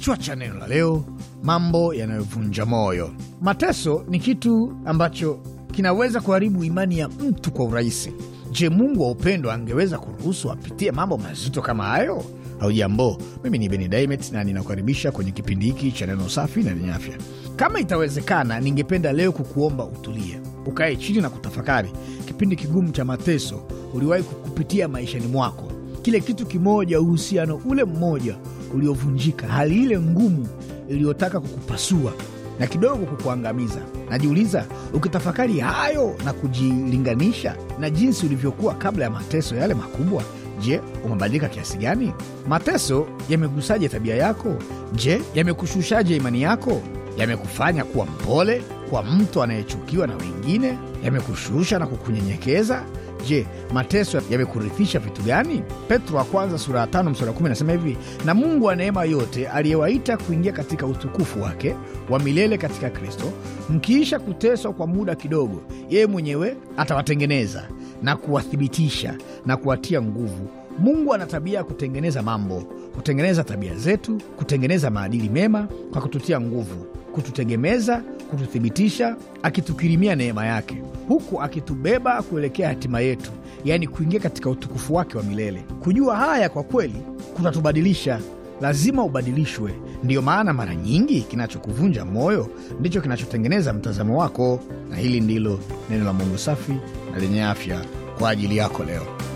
Kichwa cha neno la leo: mambo yanayovunja moyo. Mateso ni kitu ambacho kinaweza kuharibu imani ya mtu kwa urahisi. Je, Mungu wa upendo angeweza kuruhusu apitie mambo mazito kama hayo? Haujambo, mimi ni Beni Daimet na ninakukaribisha kwenye kipindi hiki cha neno safi na lenye afya. Kama itawezekana, ningependa leo kukuomba utulie, ukae chini na kutafakari kipindi kigumu cha mateso uliwahi kukupitia maishani mwako, kile kitu kimoja, uhusiano ule mmoja uliovunjika, hali ile ngumu iliyotaka kukupasua na kidogo kukuangamiza. Najiuliza, ukitafakari hayo na kujilinganisha na jinsi ulivyokuwa kabla ya mateso yale makubwa, je, umebadilika kiasi gani? Mateso yamegusaje tabia yako? Je, yamekushushaje imani yako? Yamekufanya kuwa mpole kwa mtu anayechukiwa na wengine? Yamekushusha na kukunyenyekeza? Je, mateso yamekurithisha vitu gani? Petro wa kwanza sura ya tano msura kumi nasema hivi: na Mungu wa neema yote aliyewaita kuingia katika utukufu wake wa milele katika Kristo, mkiisha kuteswa kwa muda kidogo, yeye mwenyewe atawatengeneza na kuwathibitisha na kuwatia nguvu. Mungu ana tabia ya kutengeneza mambo, kutengeneza tabia zetu, kutengeneza maadili mema kwa kututia nguvu, kututegemeza kututhibitisha, akitukirimia neema yake, huku akitubeba kuelekea hatima yetu, yaani kuingia katika utukufu wake wa milele. Kujua haya kwa kweli kutatubadilisha Lazima ubadilishwe. Ndiyo maana mara nyingi kinachokuvunja moyo ndicho kinachotengeneza mtazamo wako, na hili ndilo neno la Mungu safi na lenye afya kwa ajili yako leo.